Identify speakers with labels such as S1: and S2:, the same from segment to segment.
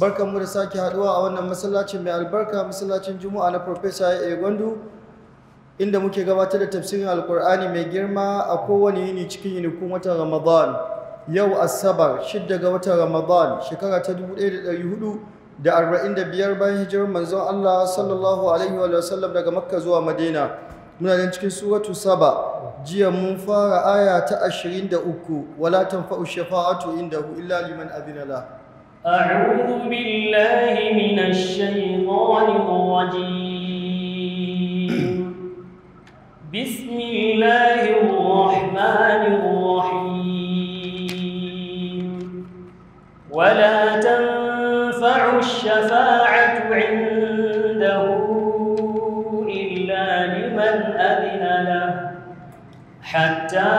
S1: barkan mu da sake haduwa a wannan masallacin mai albarka masallacin juma'a na professor ya gondu inda muke gabatar da tafsirin alkur'ani mai girma a kowane yini cikin yinikun watan ramadan yau asabar 6 ga watan ramadan shekara ta 1445 bayan hijirar manzon allah sallallahu alaihi wa sallam daga makka zuwa madina muna nan cikin suratu saba jiya mun fara aya ta 23 wala tanfa'u shafa'atu indahu illa liman adina
S2: أعوذ بالله من الشيطان الرجيم بسم الله الرحمن الرحيم ولا تنفع الشفاعة عنده إلا لمن أذن له حتى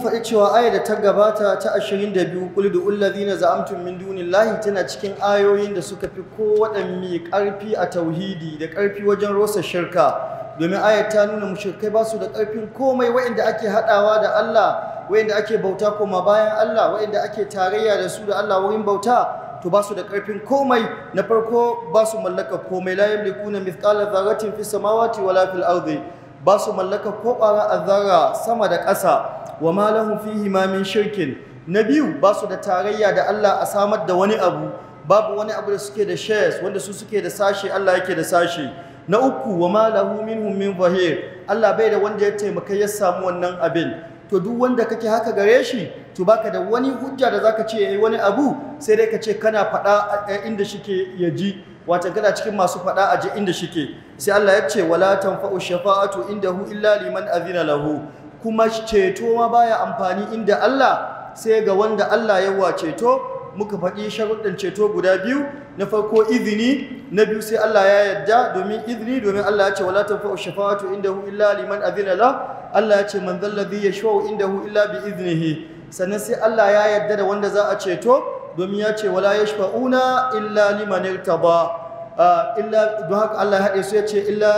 S1: faɗi cewa aya da ta gabata ta 22 da du'ul na za'amtun min lahi tana cikin ayoyin da suka fi kowaɗanne ƙarfi a tauhidi da ƙarfi wajen rosa shirka domin aya ta nuna mushrikai ba su da ƙarfin komai waɗanda ake haɗawa da Allah waɗanda ake bauta koma bayan Allah waɗanda ake tarayya da su da Allah wurin bauta to ba su da ƙarfin komai na farko ba su mallaka komai la yamlikuna mithqala dharratin fis samawati wala fil ardi ba su mallaka ko ƙwara a zara sama da ƙasa wa ma fi himamin shirkin na biyu ba su da tarayya da Allah a samar da wani abu babu wani abu da suke da shares wanda su suke da sashe Allah yake da sashe na uku wa ma lahu minhum min zahir Allah bai da wanda ya taimaka ya samu wannan abin to duk wanda kake haka gare shi to baka da wani hujja da zaka ce yi wani abu sai dai ka ce kana faɗa inda shike ya ji wata kana cikin masu faɗa a ji inda shike sai Allah ya ce wala tanfa'u shafa'atu indahu illa liman azina lahu kuma ceto ma baya amfani inda Allah sai ga wanda Allah ya wa ceto muka faɗi sharuɗin ceto guda biyu na farko izini na biyu sai Allah ya yarda domin izini domin Allah ya ce wala tanfa'u shafa'atu indahu illa liman azina la Allah ya ce man dhal ladhi indahu illa bi iznihi sannan sai Allah ya yarda da wanda za a ceto domin ya ce wala yashfa'una illa liman irtaba Uh, illa don haka Allah ya haɗe su ya ce illa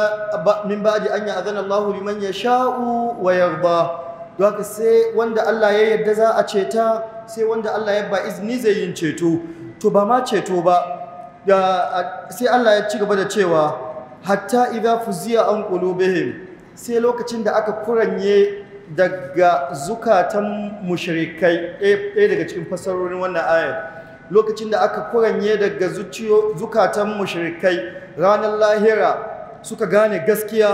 S1: min ji an ya azana Allahu liman sha'u wa yarda don haka sai wanda Allah ya yarda za a ceta sai wanda Allah ya ba izini zai yin ceto to ba ma ceto ba sai Allah ya ci gaba da cewa hatta idza fuziya an qulubihim sai lokacin da aka kuranye daga zukatan mushrikai ɗaya daga cikin fasarorin wannan ayat lokacin da aka kuranye daga zukatan mushrikai ranar lahira suka gane gaskiya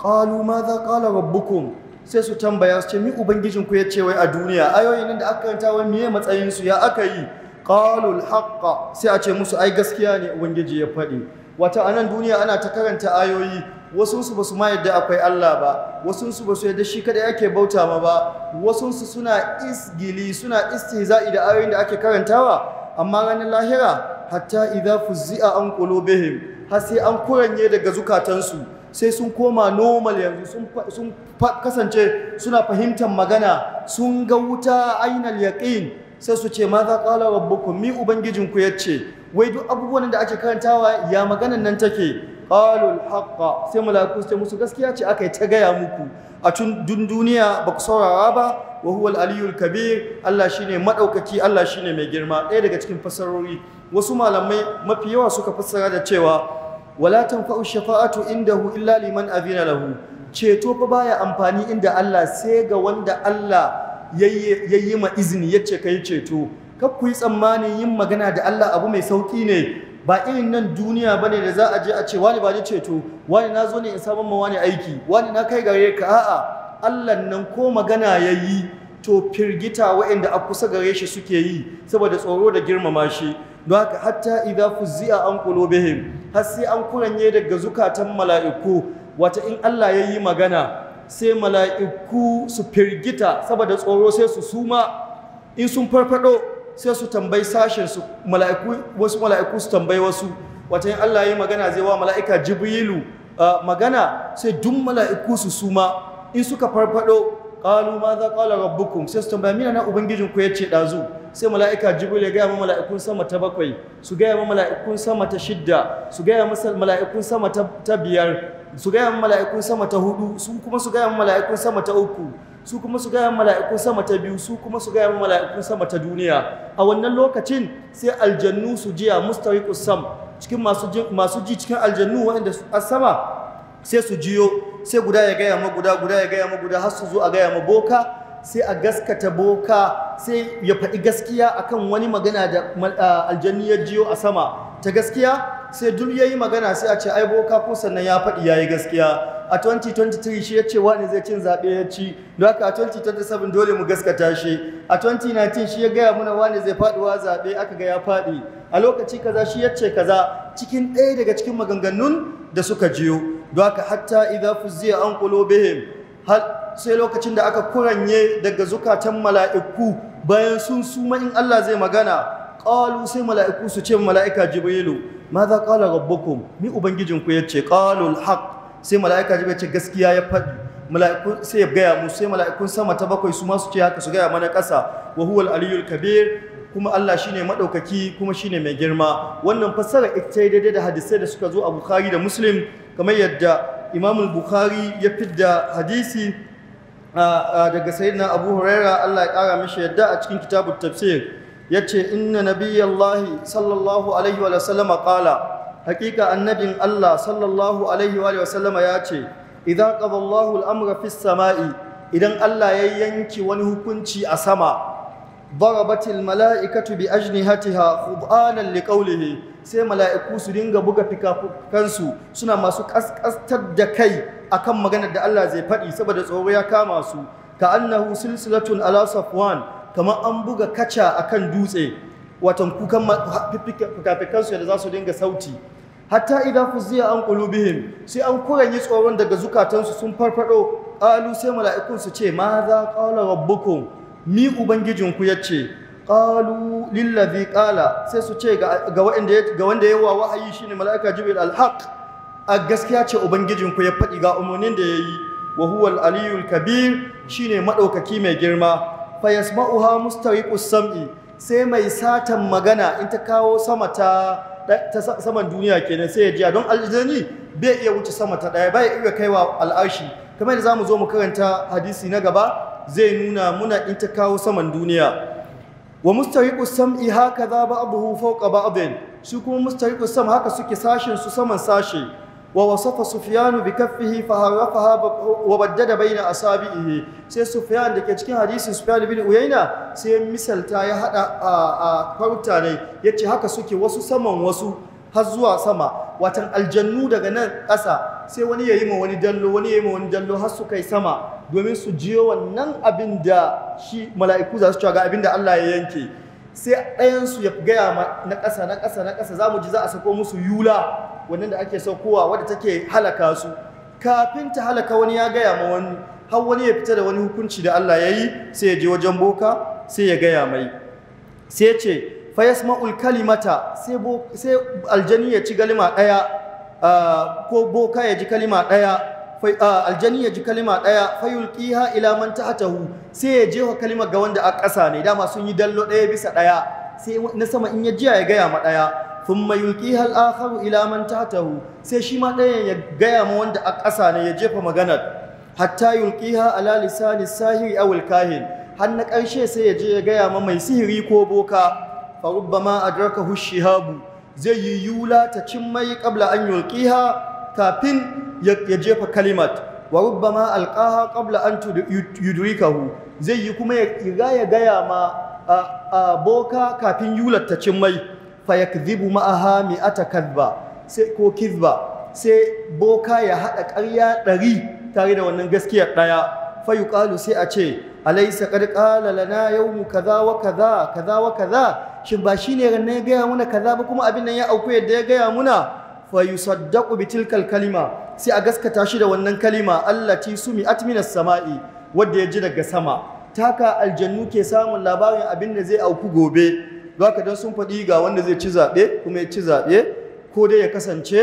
S1: ma za ƙala rabbukun sai su tambaya su ce mi ubangijinku ya ce wai a duniya ayoyin nan da aka karanta wani miye matsayinsu ya aka yi Ƙalul al sai a ce musu ai gaskiya ne ubangiji ya faɗi wata anan duniya ana ta karanta ayoyi wasunsu ba su ma yadda akwai Allah ba wasunsu ba su yadda shi kaɗai ake bauta ma ba wasunsu suna isgili suna istihza'i da ayoyin da ake karantawa amma ranar lahira hatta idza fuzzi'a an qulubihim har sai an kuranye daga zukatansu sai sun koma normal yanzu sun kasance suna fahimtar magana sun ga wuta ainal yaƙin. sai su ce ma za qala rabbukum mi ubangijinku yace wai duk abubuwan da ake karantawa ya maganan nan take Ƙalul haqqa sai mala'iku su musu gaskiya ce aka yi ta gaya muku a tun duniya ba ku saurara ba wa al aliyul kabir Allah shine madaukaki Allah shine mai girma ɗaya daga cikin fasarori wasu malamai mafi yawa suka fassara da cewa wala tanfa'u shafa'atu indahu illa liman azina lahu ceto fa baya amfani inda Allah sai ga wanda Allah yayi ma izini yace kai ceto kar ku yi tsammanin yin magana da Allah abu mai sauki ne ba irin nan duniya bane da za a je a ce wani ba ni ceto wani na zo ne in samun ma wani aiki wani na kai gare ka a'a Allah nan ko magana ya yi to firgita waɗanda a kusa gare shi suke yi saboda tsoro da girmama shi don haka hatta idza fuzzi'a an kulo behim har sai an kuranye daga zukatan mala'iku wata in Allah ya yi magana sai mala'iku su firgita saboda tsoro sai su suma in sun farfado sai su tambayi sashen su mala'iku wasu mala'iku su tambayi wasu wata in Allah ya yi magana zai wa mala'ika jibrilu ah, magana sai duk mala'iku su suma in suka farfado qalu ma za qala rabbukum sai su tambaya mina na ubangijin ya yace dazu sai mala'ika jibril ya gaya ma mala'ikun sama ta bakwai su gaya ma mala'ikun sama ta shidda su gaya ma mala'ikun sama ta biyar su gaya ma mala'ikun sama ta hudu su kuma su gaya ma mala'ikun sama ta uku su kuma su gaya mala'ikun sama ta biyu su kuma su gaya mala'ikun sama ta duniya a wannan lokacin sai aljannu su jiya mustariqus sam cikin masu ji cikin aljannu waɗanda a sama sai su jiyo sai guda ya gaya ma guda guda ya gaya ma guda har su zo a gaya ma boka sai a gaskata boka sai ya faɗi gaskiya akan wani magana da aljanni ya jiyo a sama ta gaskiya sai duk ya yi magana sai a ce ai boka ko sannan ya faɗi ya yi gaskiya a 2023 shi ya ce wani zai cin zaɓe ya ci don haka a 2027 dole mu gaskata shi a 2019 shi ya gaya mana wani zai faɗuwa zaɓe aka ga ya faɗi a lokaci kaza shi yace kaza cikin ɗaya daga cikin maganganun da suka jiyo don haka hatta idza fuzziya an qulubihim hal sai lokacin da aka kuranye daga zukatan mala'iku bayan sun suma in Allah zai magana qalu sai mala'iku su ce mala'ika jibrilu madza qala rabbukum ni ubangijinku yace qalu alhaq sai mala'ika jibrilu yace gaskiya ya faɗi mala'iku sai ya gaya mu sai mala'ikun sama ta bakwai su ma su ce haka su gaya mana ƙasa wa huwal aliyul kabir kuma Allah shine madaukaki kuma shine mai girma wannan fassara ita daidai da hadisai da suka zo a Bukhari da Muslim kamar yadda Imam al-Bukhari ya fidda hadisi daga sayyidina Abu Huraira Allah ya kara mishi yadda a cikin kitabut tafsir yace inna nabiyallahi sallallahu alaihi wa sallam qala haqiqa annabin Allah sallallahu alaihi wa sallam yace idan qada al-amra fis sama'i idan Allah ya yanki wani hukunci a sama ضربت الملائكة بأجنحتها خضعانا لقوله sai mala'iku su dinga buga fikafukansu suna masu kaskastar da kai akan maganar da Allah zai faɗi saboda tsoro ya kama su ka annahu silsilatun ala safwan kamar an buga kaca akan dutse watan kukan fikafukansu da za su dinga sauti hatta idza fuziya an qulubihim sai an yi tsoron daga zukatansu sun farfado qalu sai mala'ikun su ce ma za qala rabbukum mi ubangijinku ya ce ƙalu lillazi ƙala sai su ce ga wanda ya wa wahayi shi ne mala'ika jibril alhaq a gaskiya ce ubangijinku ya faɗi ga umarnin da ya yi wa huwal kabir shi ne maɗaukaki mai girma fayas ma'uha mustariqus sam'i sai mai satan magana in ta kawo sama ta saman duniya kenan sai ya jiya don aljani bai iya wuce sama ta ɗaya bai iya kaiwa al'arshi kamar da za mu zo mu karanta hadisi na gaba zai nuna muna in ta kawo saman duniya wa mustariku sam'i haka za ba abu ba'dahu fawqa abin shi kuma mustariku sam haka suke sashen su saman sashe. wa wasafa Sufiyanu bi kaffihi fa harafaha wa baddada baina asabihi sai sufiyan da ke cikin hadisin sufyan bin uyaina sai misalta ya hada a kwarta ne yace haka suke wasu saman wasu har zuwa sama watan aljannu daga nan ƙasa sai wani ya yi ma wani dallo wani ya yi ma wani dallo har su kai sama domin su jiyo wannan abin da shi mala'iku za su cewa ga abin da Allah ya yanke sai ɗayansu ya gaya ma na ƙasa na ƙasa na ƙasa za mu ji za a sako musu yula wannan da ake saukowa wadda take halaka su kafin ta halaka wani ya gaya ma wani har wani ya fita da wani hukunci da Allah ya yi sai ya je wajen boka sai ya gaya mai sai ce fa yasma'ul kalimata sai sai aljani ya ci kalima daya ko boka ya ji kalima ɗaya. aljani ya ji kalima ɗaya fayulƙiha ila man tahtahu sai ya jefa kalimar ga wanda a ƙasa ne dama sun yi dallo ɗaya bisa ɗaya sai na sama in ya jiya ya gaya ma ɗaya thumma yulqiha al ila man tahtahu sai shi ma ɗayan ya gaya ma wanda a ƙasa ne ya jefa maganar hatta yulqiha ala lisani sahiri aw kahin har na ƙarshe sai ya je ya gaya ma mai sihiri ko boka farubba ma a jarka hushi zai yi yula ta cin mai kabla an yorki ha kafin ya jefa kalimat warubbama ma alƙaha kabla an tu yuduri zai yi kuma ya kira ya gaya ma a kafin yula ta cin mai faya kizibu ma a hami a takadba ko kizba sai boka ya haɗa ƙarya ɗari tare da wannan gaskiyar ɗaya fayuƙalu sai a ce alaisa qad qala lana kaza wa kaza kaza wa kaza shin ba shi rannan ya gaya muna kaza ba kuma abin nan ya auku yadda ya gaya muna fayusaddaqu bitilkal kalima sai a gaskata shi da wannan kalima allati sumi minas sama'i Wadda ya ji daga sama taka aljannu ke samun labarin abin da zai auku gobe ka dan sun faɗi ga wanda zai ci zaɓe kuma ya ci zaɓe ko dai ya kasance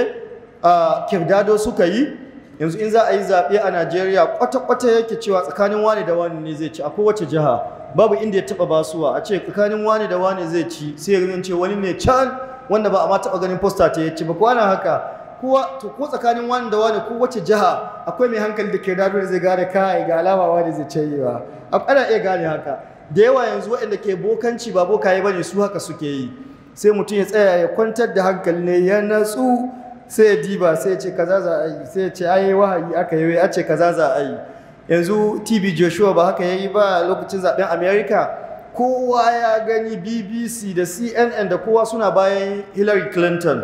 S1: a kirdado suka yi yanzu in za a yi zaɓe a Najeriya kwata-kwata yake cewa tsakanin wani da wani ne zai ci a kowace jiha babu inda ya taɓa basuwa a ce tsakanin wani da wani zai ci sai ya ce wani ne can wanda ba a ma taɓa ganin posta ta ya ci ba kwana haka ko tsakanin wani da wani ko wace jiha akwai mai hankali da ke da zai gane kai ga alama wani zai a ana iya gane haka da yawa yanzu waɗanda ke bokanci ba bokaye bane su haka suke yi sai mutum ya tsaya ya kwantar da hankali ne ya natsu sai ya diba sai ya ce kaza za a yi sai ya ce ai wahayi aka yi a ce kaza za a yi yanzu tb joshua ba haka yayi ba lokacin zaben america kowa ya gani bbc da cnn da kowa suna bayan hillary clinton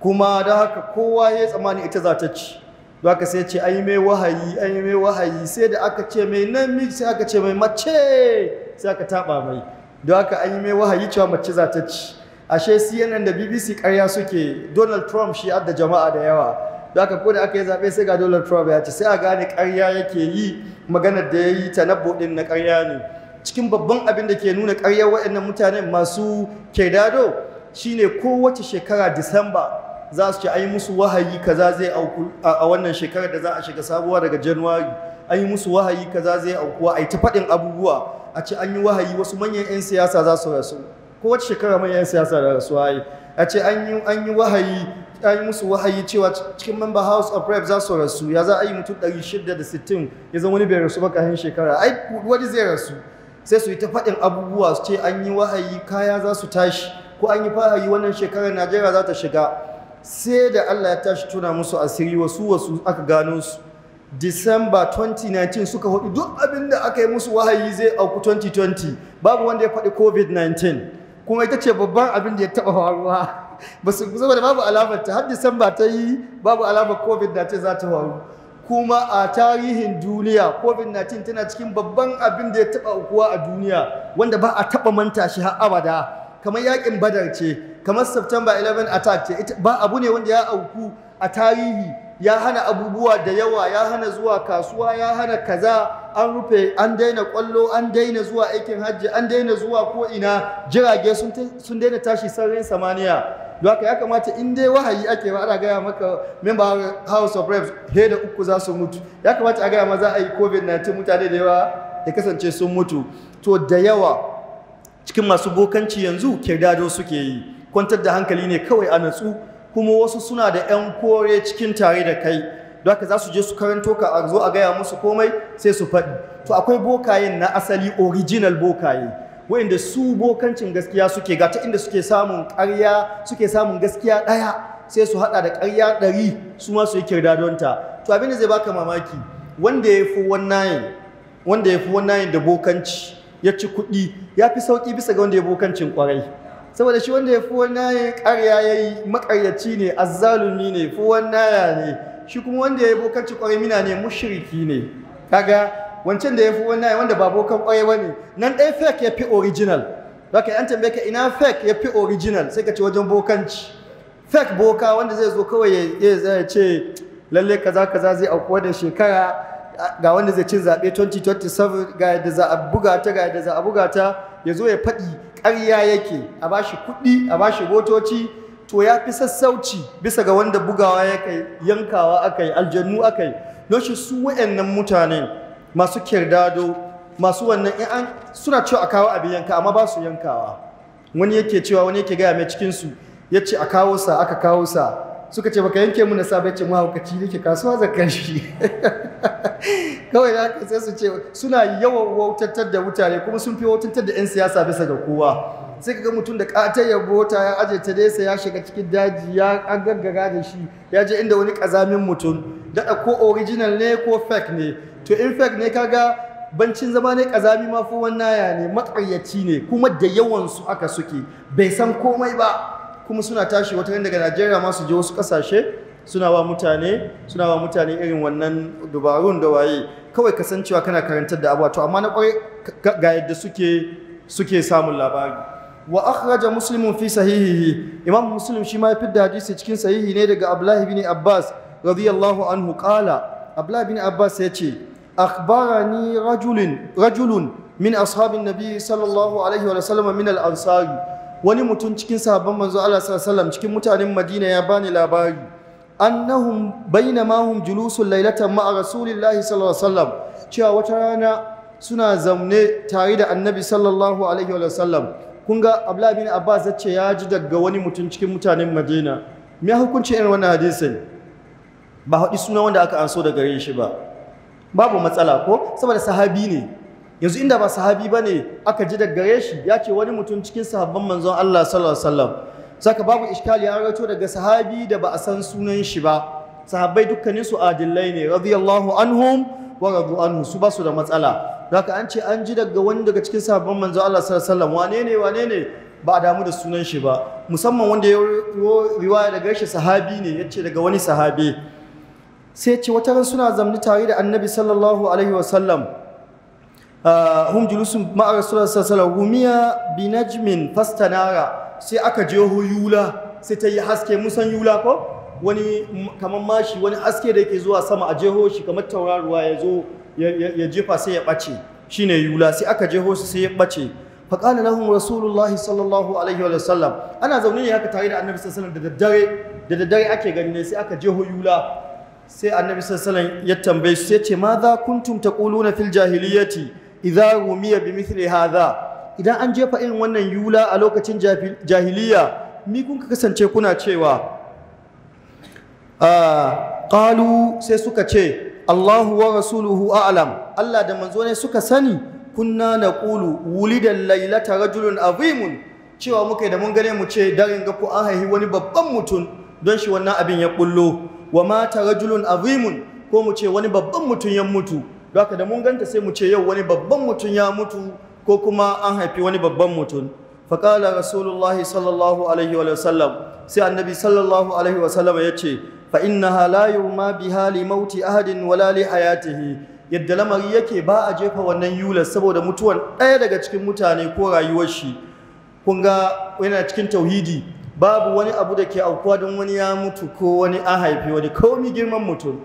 S1: kuma da haka kowa ya tsammani ita za ta ci don haka sai ce an yi mai wahayi an yi mai wahayi sai da aka ce mai namiji sai aka ce mai mace sai aka taba mai don haka an yi mai wahayi cewa mace za ta ci ashe CNN da BBC karya suke Donald Trump shi adda jama'a da yawa da aka ko aka yi zaɓe sai ga Donald Trump ya ce sai a gane karya yake yi maganar da ya yi ta ɗin na karya ne cikin babban abin da ke nuna karya waɗannan mutanen masu ke kedado shine kowace shekara Disamba za su ce an yi musu wahayi kaza zai auku a wannan shekarar da za a shiga sabuwa daga January an yi musu wahayi kaza zai auku a yi ta faɗin abubuwa a ce an yi wahayi wasu manyan 'yan siyasa za su rasu ko wace shekara mai yan siyasa da rasuwa a ce an yi wahayi an yi musu wahayi cewa cikin member house of rep za su rasu ya za a yi mutum 660 ya zama wani bai rasu ba shekara ai wani zai rasu sai su yi ta faɗin abubuwa su ce an yi wahayi kaya za su tashi ko an yi wahayi wannan shekarar najeriya za ta shiga sai da allah ya tashi tuna musu asiri wasu wasu aka gano su Disamba 2019 suka hudu duk abin da aka yi musu wahayi zai auku 2020 babu wanda ya faɗi covid-19 kuma ita ce babban abin da ya taɓa faruwa ba su da babu alamar ta har disamba ta yi babu alamar covid na ce za ta faru kuma a tarihin duniya covid-19 tana cikin babban abin da ya taɓa ukuwa a duniya wanda ba a taɓa manta shi har abada kamar yakin badar ce kamar september 11 attack ce ba abu ne wanda ya auku a tarihi ya hana abubuwa da yawa ya hana zuwa kasuwa ya hana kaza an rufe an daina kwallo an daina zuwa aikin hajji an daina zuwa ko ina jirage sun daina tashi sararin samaniya don haka ya kamata in dai wahayi ake ba ana gaya maka member house of reps he da uku za su mutu ya kamata a gaya ma za a yi covid-19 mutane da yawa ya kasance sun mutu to da yawa cikin masu bokanci yanzu kirdado suke yi kwantar da hankali ne kawai a natsu kuma wasu suna da 'yan kore cikin tare da kai don haka za su je su karanto ka a zo a gaya musu komai sai su faɗi to akwai bokayen na asali original bokaye wayanda su bokancin gaskiya suke ga ta inda suke samun ƙarya suke samun gaskiya ɗaya sai su haɗa da ƙarya ɗari su ma su yi kirda don ta to abin da zai baka mamaki wanda ya fi wannan wanda ya fi wannan da bokanci ya ci kuɗi ya fi sauƙi bisa ga wanda ya bokancin ƙwarai saboda shi wanda ya fi wannan ƙarya ya yi maƙaryaci ne azzalumi ne fi wannan ne shi kuma wanda ya yi bokanci kwarai mina ne mushriki ne kaga wancan da ya fi wannan wanda ba bokan kwarai ba nan ɗaya fake ya fi original yi an tambaye ka ina fake ya fi original sai ka ce wajen bokanci fake boka wanda zai zo kawai ya ce lalle kaza kaza zai auku da shekara ga wanda zai cin zaɓe 2027 ga yadda za a buga ta ga yadda za a buga ya zo ya faɗi ƙarya yake a bashi kuɗi a bashi motoci to ya fi sassauci bisa ga wanda bugawa ya kai yankawa aka yi aljannu aka yi don shi su wa'annan mutane masu kirdado masu wannan in an suna cewa a kawo abin yanka amma ba su yankawa wani yake cewa wani yake gaya mai cikinsu ya ce a kawo sa aka kawo sa suka ce baka yanke muna sabai ce mahaukaci da ke kasuwa zakar shi kawai da haka sai su ce suna yawan wautattar da mutane kuma sun fi wautattar da 'yan siyasa bisa ga kowa sai ga mutum da ƙatar ya bota ya ajiye ta dai ya shiga cikin daji ya an gaggara da shi ya je inda wani ƙazamin mutum daɗa ko original ne ko fake ne to in fake ne ka kaga bancin zama ne ƙazami ma fa ya ne maƙaryaci ne kuma da yawan su aka suke bai san komai ba kuma suna tashi wata daga Najeriya masu su je wasu ƙasashe suna wa mutane suna wa mutane irin wannan dubarun da waye kawai kasancewa kana karantar da abuwa to amma na ƙwarai ga yadda suke suke samun labari wa akhraja muslimun fi sahihihi imam muslim shi ma ya fidda hadisi cikin sahihi ne daga abdullahi bin abbas radiyallahu anhu qala abdullahi bin abbas ya ce akhbarani rajulun rajulun min ashabin nabi sallallahu alaihi wa sallam min al ansari wani mutum cikin sahabban manzo Allah sallallahu alaihi cikin mutanen Madina ya bani labari annahum bainama hum julusul lailatan ma'a rasulillahi sallallahu alaihi wasallam cewa wata rana suna zaune tare da annabi sallallahu alaihi wa sallam. kun ga Abdullah bin Abbas ya ce ya ji daga wani mutum cikin mutanen Madina me hukunci irin wannan hadisin ba haɗi suna wanda aka anso da gare shi ba babu matsala ko saboda sahabi ne yanzu inda ba sahabi ba ne aka ji daga gare shi ya ce wani mutum cikin sahabban manzon Allah sallallahu alaihi wasallam saka babu iskali ya rato daga sahabi da ba a san sunan shi ba sahabbai dukkanin su adillai ne radiyallahu anhum wa radu anhu su ba su da matsala haka an ce an ji daga wani daga cikin sahabban manzo Allah sallallahu alaihi wasallam wane ne wane ne ba a damu da sunan shi ba musamman wanda ya riwaya daga shi sahabi ne ya ce daga wani sahabi sai ce wata ran suna zamni tare da annabi sallallahu alaihi wasallam ah, hum julusun ma'a rasulullahi sallallahu alaihi rumiya bi najmin fastanara sai aka jeho yula sai ta yi haske musan yula ko wani kamar mashi wani haske da yake zuwa sama a jeho shi kamar tauraruwa ya zo ya jefa sai ya ɓace shi ne yula sai aka jeho su sai ya ɓace faƙala lahum rasulullahi sallallahu alaihi wa sallam ana zaune ne haka tare da annabi sallallahu da daddare da daddare ake gani ne sai aka jeho yula sai annabi sallallahu ya tambaye su sai ce ma za kuntum na fil jahiliyyati idza rumiya bi mithli hadha idan an jefa irin wannan yula a lokacin jahiliya mi kun kasance kuna cewa Ƙalu ah, sai suka ce Allahu wa rasuluhu a'lam Allah da manzo ne suka sani kunna naqulu wulida Lailata rajulun azimun cewa muka da mun gane mu ce darin ga ku an haihi wani babban mutum don shi wannan abin ya bullo wa mata rajulun azimun ko mu ce wani babban mutum ya mutu don haka da mun ganta sai mu ce yau wani babban mutum ya mutu ko kuma an haifi wani babban mutum faƙala rasulullahi sallallahu alaihi wa sallam sai annabi sallallahu alaihi wa sallam ya ce فإنها لا يرمى mauti ahadin أحد ولا hayatihi yadda lamari yake ba a jefa wannan Yulas saboda mutuwan ɗaya daga cikin mutane ko rayuwar shi kun ga yana cikin tauhidi babu wani abu da ke aukuwa don wani ya mutu ko wani an haifi wani komi girman mutum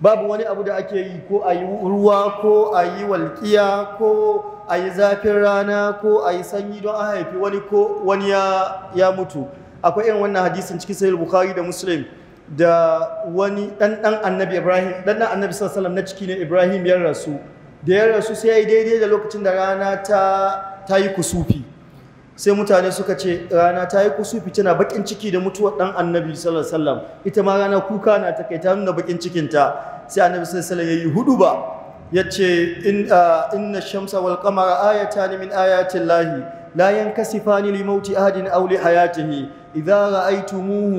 S1: babu wani abu da ake yi ko a yi ruwa ko a yi walƙiya ko a yi zafin rana ko a yi sanyi don an haifi wani ko wani ya, mutu akwai irin wannan hadisin cikin sahih bukhari da muslim da wani ɗanɗan annabi ibrahim ɗanɗan annabi sassalam na ciki ne ibrahim ya rasu da ya rasu sai ya yi daidai da lokacin da rana ta yi kusufi sai mutane suka ce rana ta yi kusufi tana bakin ciki da mutuwar ɗan annabi sassalam ita ma rana kuka na ta kai ta nuna bakin cikinta sai annabi sassalam ya yi hudu ba ya ce inna shamsa wal ayata ne min ayatin lahi la kasifa ni limauti ahadin aw hayatihi idza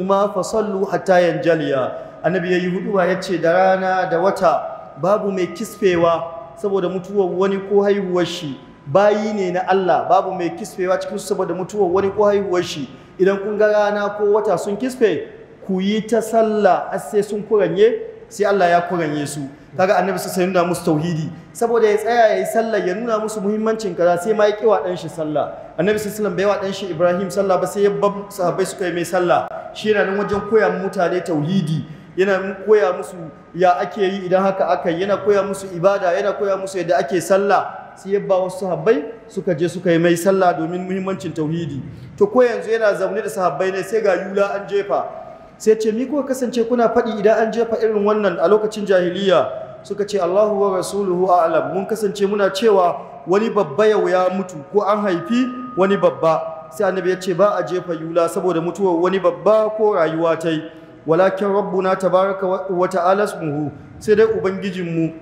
S1: ma fasallu hatta yanjaliya annabi yayi huduwa yace da rana da wata babu mai kisfewa saboda mutuwar wani ko haihuwar shi bayi ne na Allah babu mai kisfewa cikin su saboda mutuwar wani ko haihuwar shi idan kun ga rana ko wata sun kisfe ku yi ta sallah sai sun kuranye sai Allah ya kuranye su kaga annabi sai ya nuna musu tauhidi saboda ya tsaya ya yi sallah ya nuna musu muhimmancin kaza sai ma ya kiwa dan shi sallah annabi sai sallan wasallam wa dan shi Ibrahim sallah ba sai ya bab sahabbai suka yi mai sallah shi yana nan wajen koya mutane tauhidi yana koya musu ya ake yi idan haka aka yana koya musu ibada yana koya musu yadda ake sallah sai ya ba wasu sahabbai suka je suka yi mai sallah domin muhimmancin tauhidi to ko yanzu yana zaune da sahabbai ne sai ga yula an jefa sai ce mi kuka kasance kuna faɗi idan an jefa irin wannan a lokacin jahiliya suka ce Allahu wa rasuluhu a a'lam mun kasance muna cewa wani babba yau ya mutu ko an haifi wani babba sai annabi ya ce ba a jefa yula saboda mutuwar wani babba ko rayuwa ta yi walakin rabbuna tabaraka wa ta'ala muhu sai dai ubangijinmu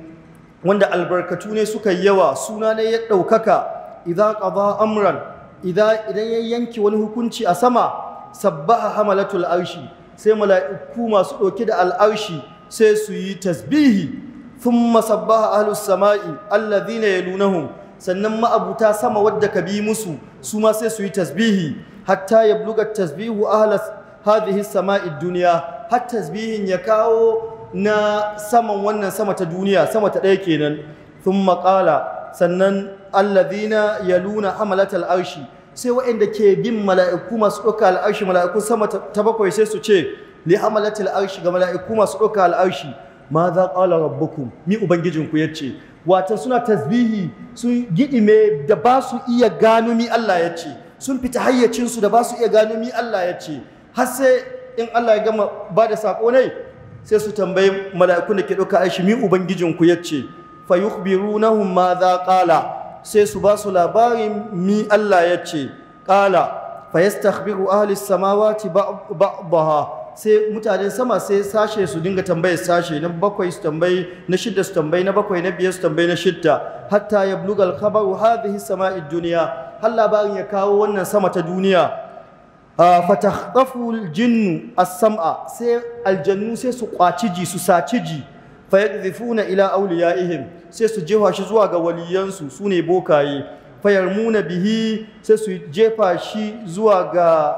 S1: wanda albarkatu ne suka yi yawa suna ne ya ɗaukaka idan qada amran idan ya yanke wani hukunci a sama sabbaha hamalatul arshi sai mala'iku masu ɗauki da al'arshi sai su yi tasbihi thumma sabbaha ahlus sama'i alladhina yalunahum sannan ma'abuta sama wadda ka bi musu su ma sai su yi tasbihi hatta yabluga tasbihu ahlas hadhihi sama'i duniya har tasbihin ya kawo na saman wannan sama ta duniya sama ta ɗaya kenan thumma maƙala. sannan alladhina yaluna hamalatal arshi sai waɗanda ke bin mala'iku masu ɗauka al'arshi mala'iku sama ta bakwai sai su ce li hamalatil arshi ga mala'iku masu ɗauka al'arshi ma za ƙala rabbukum mi ubangijinku ya ce wata suna tasbihi sun gidime da ba su iya gano mi Allah ya ce sun fita hayyacinsu da ba su iya gano mi Allah ya ce har sai in Allah ya gama ba da saƙo ne sai su tambayi mala'ikun da ke ɗauka aishi mi ubangijinku ya ce fa yukhbirunahum ma za ƙala sai su ba su labarin mi Allah ya ce ƙala fa yastakhbiru ahli samawati ba'daha sai mutane sama sai sashe su dinga tambayar sashe na bakwai su tambayi na shidda su tambayi na bakwai na biyar su tambayi na shidda hatta ya blugal khabaru hadhihi sama'i duniya har labarin ya kawo wannan sama ta duniya ah, fatakhtafu jinnu as-sam'a sai aljannu sai su kwaci ji su saci ji fa ila awliyaihim sai su jefa shi zuwa ga waliyansu sune bokaye fayarmuna bihi sai su jefa shi zuwa ga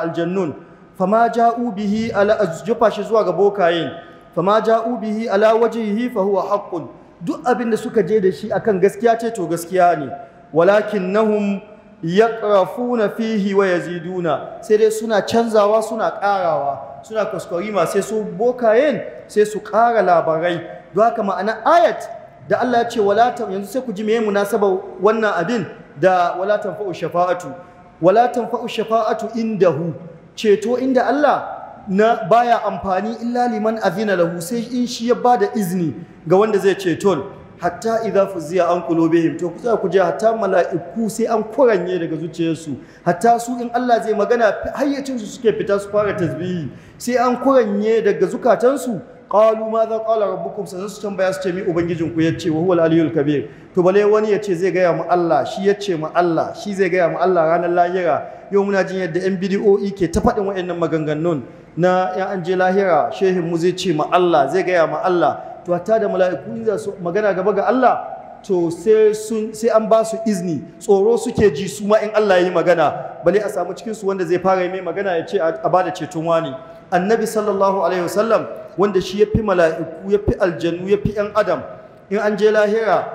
S1: aljannun fama ja'u bihi ala jefa shi zuwa ga bokayen fama ja'u bihi ala wajhihi fa huwa haqqun duk abin da suka je da shi akan gaskiya ce to gaskiya ne walakinnahum yaqrafuna fihi wa yaziduna sai dai suna canzawa suna karawa suna kwaskwarima sai su bokayen sai su ƙara labarai don haka ma'ana ayat da Allah ya ce walatan yanzu sai ku ji meye munasabar wannan abin da walatan fa'u shafa'atu walatan fa'u shafa'atu indahu ceto inda Allah na baya amfani illa liman azina lahu sai in shi ya bada izini ga wanda zai ceton hatta idza fuziya an qulubihim to kusa ku je hatta mala'iku sai an kuranye daga zuciyarsu hatta su in Allah zai magana hayyacin su suke fita su fara tasbihi sai an kuranye daga zukatansu qalu ma za qala rabbukum sai su tambaya su ce mi ubangijin ku yace wa huwal aliyul kabir to bale wani yace zai gaya mu Allah shi yace mu Allah shi zai gaya mu Allah ranar lahira yau muna jin yadda yan bidi'oi ke ta faɗin waɗannan maganganun na ya an je lahira shehin mu zai ce ma Allah zai gaya ma Allah to da mala'iku za su magana gaba ga Allah to sai an ba su izini tsoro suke ji su ma in Allah ya yi magana bale a samu cikinsu wanda zai fara yi mai magana ya ce a bada ceton wani annabi sallallahu alaihi wasallam wanda shi ya fi mala'iku ya fi Aljanu, ya fi yan adam in an je lahira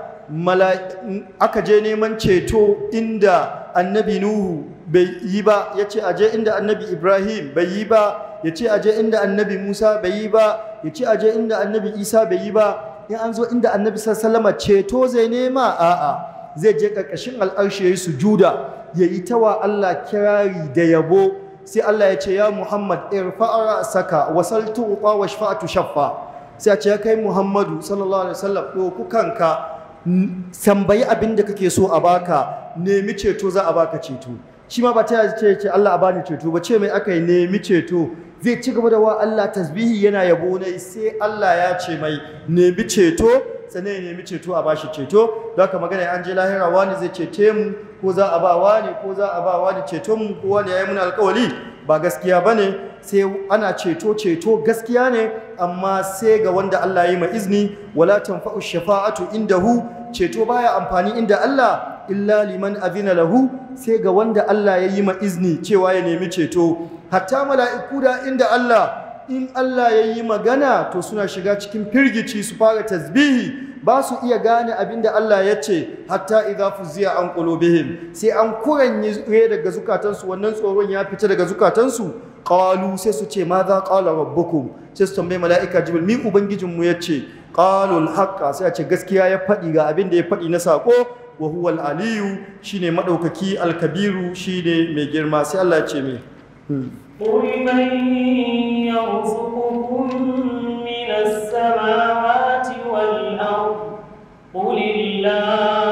S1: aka je neman ceto inda annabi nuhu bai yi ba ya ce a je inda annabi ibrahim bai yi ba ya ce aje inda annabi Musa bai yi ba ya ce aje inda annabi Isa bai yi ba in an zo inda annabi sallama ceto zai nema a'a zai je ƙarƙashin al'arshi ya yi sujuda ya yi tawa Allah kirari da yabo sai Allah ya ce ya Muhammad irfa'a saka wasal wa shafa'atu shaffa sai ya ce ya kai Muhammadu sallallahu alaihi wasallam ku kanka tambayi abin da kake so a baka nemi ceto za a baka ceto shi ma ba ta ce ce Allah a bani ceto ba ce mai aka yi nemi ceto zai ci gaba da wa Allah tasbihi yana yabo ne sai Allah ya ce mai nemi ceto sane ya nemi ceto a bashi ceto don haka magana an je lahira wani zai cece mu ko za a ba wani ko za a ba wani ceton mu ko wani ya yi muna ba gaskiya bane, sai ana ceto ceto gaskiya ne amma sai ga wanda Allah ya yi mai izni wala tanfa'u shafa'atu indahu ceto baya amfani inda Allah illa liman azina lahu sai ga wanda Allah ya yi ma izini cewa ya nemi ceto hatta mala'iku da inda Allah in Allah ya yi magana to suna shiga cikin firgici su fara tasbihi ba su iya gane abin da Allah ya ce hatta idza fuziya an qulubihim sai an kuranye daga zukatansu wannan tsoron ya fita daga zukatansu qalu sai su ce ma za qala rabbukum sai su tambaye mala'ika jibril mi ubangijinmu ya ce qalu al sai a ce gaskiya ya faɗi ga abin da ya faɗi na sako wa huwa aliyu shine madaukaki alkabiru shine mai girma sai Allah ya ce mai
S2: قل من يرزقكم من السماوات والأرض قل الله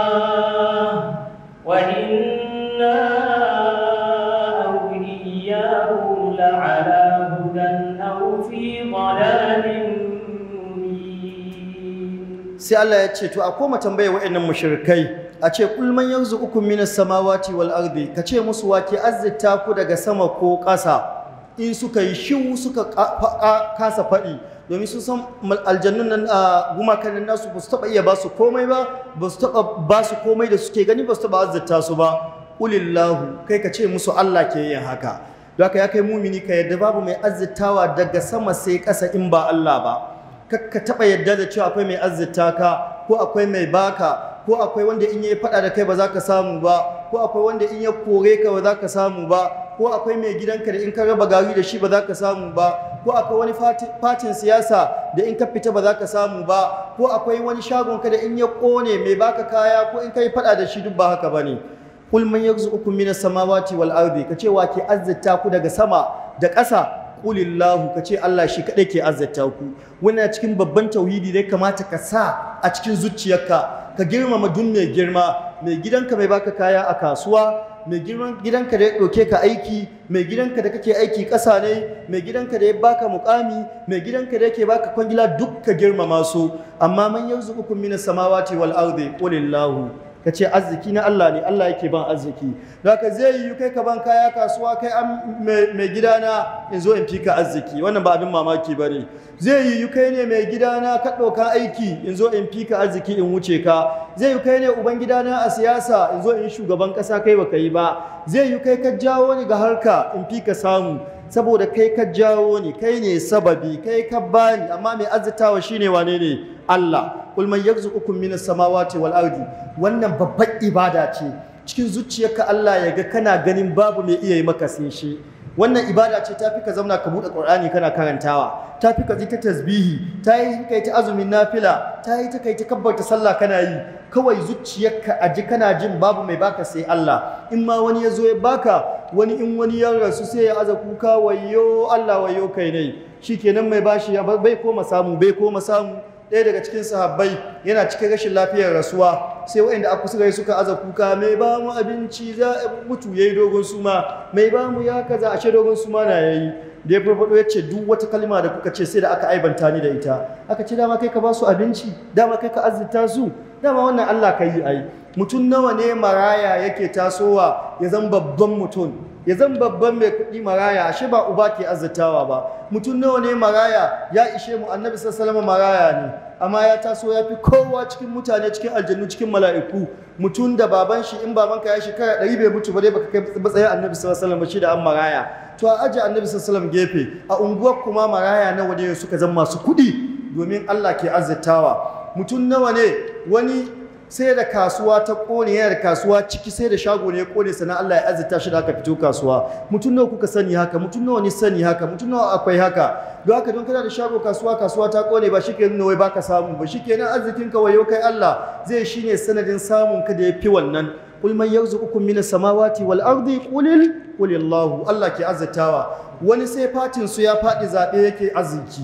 S1: sai Allah ya ce to a koma tambaya wa'annan mushrikai a ce kul man yarzuqukum minas samawati wal ardi ka ce musu wake azzita ku daga sama ko ƙasa in suka yi shiwu suka kasa faɗi domin sun san aljannun nan a gumakan nasu ba su taɓa iya ba su komai ba ba su taɓa komai da suke gani ba su taɓa azzita su ba ulillahu kai ka ce musu Allah ke yin haka don haka ya kai mumini ka yarda babu mai azzitawa daga sama sai ƙasa in ba Allah ba Ka taɓa yadda da cewa akwai mai azzita ka ko akwai mai baka ko akwai wanda in ya faɗa da kai ba za ka samu ba ko akwai wanda in ya kore ka ba za ka samu ba ko akwai mai gidanka da in ka raba gari da shi ba za ka samu ba ko akwai wani fatin siyasa da in ka fita ba za ka samu ba ko akwai wani ka da in ya kone mai baka kaya ko in ka yi faɗa da shi duk ba haka ba ne kul man yarzuqukum minas samawati wal ardi kace wa ke azzita ku daga sama da ƙasa qulillahu kace Allah shi kadai ke azzata ku wannan cikin babban tauhidi da kamata ka sa a cikin zuciyarka ka girmama dun mai girma mai gidanka mai baka kaya a kasuwa mai gidanka da ya ɗauke ka aiki mai gidanka da kake aiki ƙasa ne mai gidanka da ya baka mukami mai gidanka da yake baka kwangila duk ka girmama su amma man yanzu ukun mina samawati wal ardi qulillahu ka ce arziki na Allah ne Allah yake ban arziki da ka zai yi kai ka ban kaya kasuwa kai an mai gidana in zo in fi ka arziki wannan ba abin mamaki ba ne zai yi kai ne mai gidana ka ɗauka aiki in zo in fi ka arziki in wuce ka zai yi kai ne uban gidana a siyasa in zo in shugaban ƙasa kai ka yi ba zai yi kai ka jawo ni ga harka in fi ka samu saboda kai ka jawo ni kai ne sababi kai ka bani amma mai arzitawa shine wane ne Allah kulman yanzu ukun minas samawati wal wannan babbar ibada ce cikin zuciyarka Allah ya ga kana ganin babu mai iya yi maka sai wannan ibada ce tafi ka zauna ka buɗe Qur'ani kana karantawa tafi ka ji ta tasbihi ta yi kai ta azumin nafila ta yi ta kai ta kabbarta sallah kana yi kawai zuciyarka a ji kana jin babu mai baka sai Allah in ma wani ya zo ya baka wani in wani ya rasu sai ya aza kuka wayo Allah wayo kai ne shikenan mai bashi bai koma samu bai koma samu ɗaya daga cikin sahabbai yana cikin rashin lafiyar rasuwa sai waɗanda aka suka suka aza kuka mai ba mu abinci za a mutu ya yi dogon suma mai ba mu ya kaza a dogon suma na ya yi da ya farfado ya ce duk wata kalima da kuka ce sai da aka aibanta ni da ita aka ce dama kai ka ba su abinci dama kai ka azurta su dama wannan Allah ka yi ai mutum nawa ne maraya yake tasowa ya zama babban mutum ya zan babban mai kuɗi maraya ashe ba uba ke azzatawa ba mutum nawa ne maraya ya ishe mu annabi sallallahu maraya ne amma ya taso ya fi kowa cikin mutane cikin aljannu cikin mala'iku mutum da baban shi in babanka ya shekara ɗari bai mutu ba dai baka kai matsayin annabi sallallahu alaihi wasallam shi an maraya to a aje annabi sallallahu alaihi gefe a unguwar kuma maraya nawa ne suka zama masu kuɗi domin Allah ke azzatawa mutum nawa ne wani sai da kasuwa ta ƙone yana da kasuwa ciki sai da shago ne ya kone sannan Allah ya azurta shi da aka fito kasuwa mutum nawa kuka sani haka mutum nawa ni sani haka mutum nawa akwai haka don haka don kana da shago kasuwa kasuwa ta kone ba shi ke nuna wai baka samu ba shi ke nan arzikin ka wayo kai Allah zai shine sanadin samun ka da ya fi wannan kul man yarzuqukum minas samawati wal ardi qulil qulillahu Allah ke azurtawa wani sai fatin su ya faɗi zaɓe yake arziki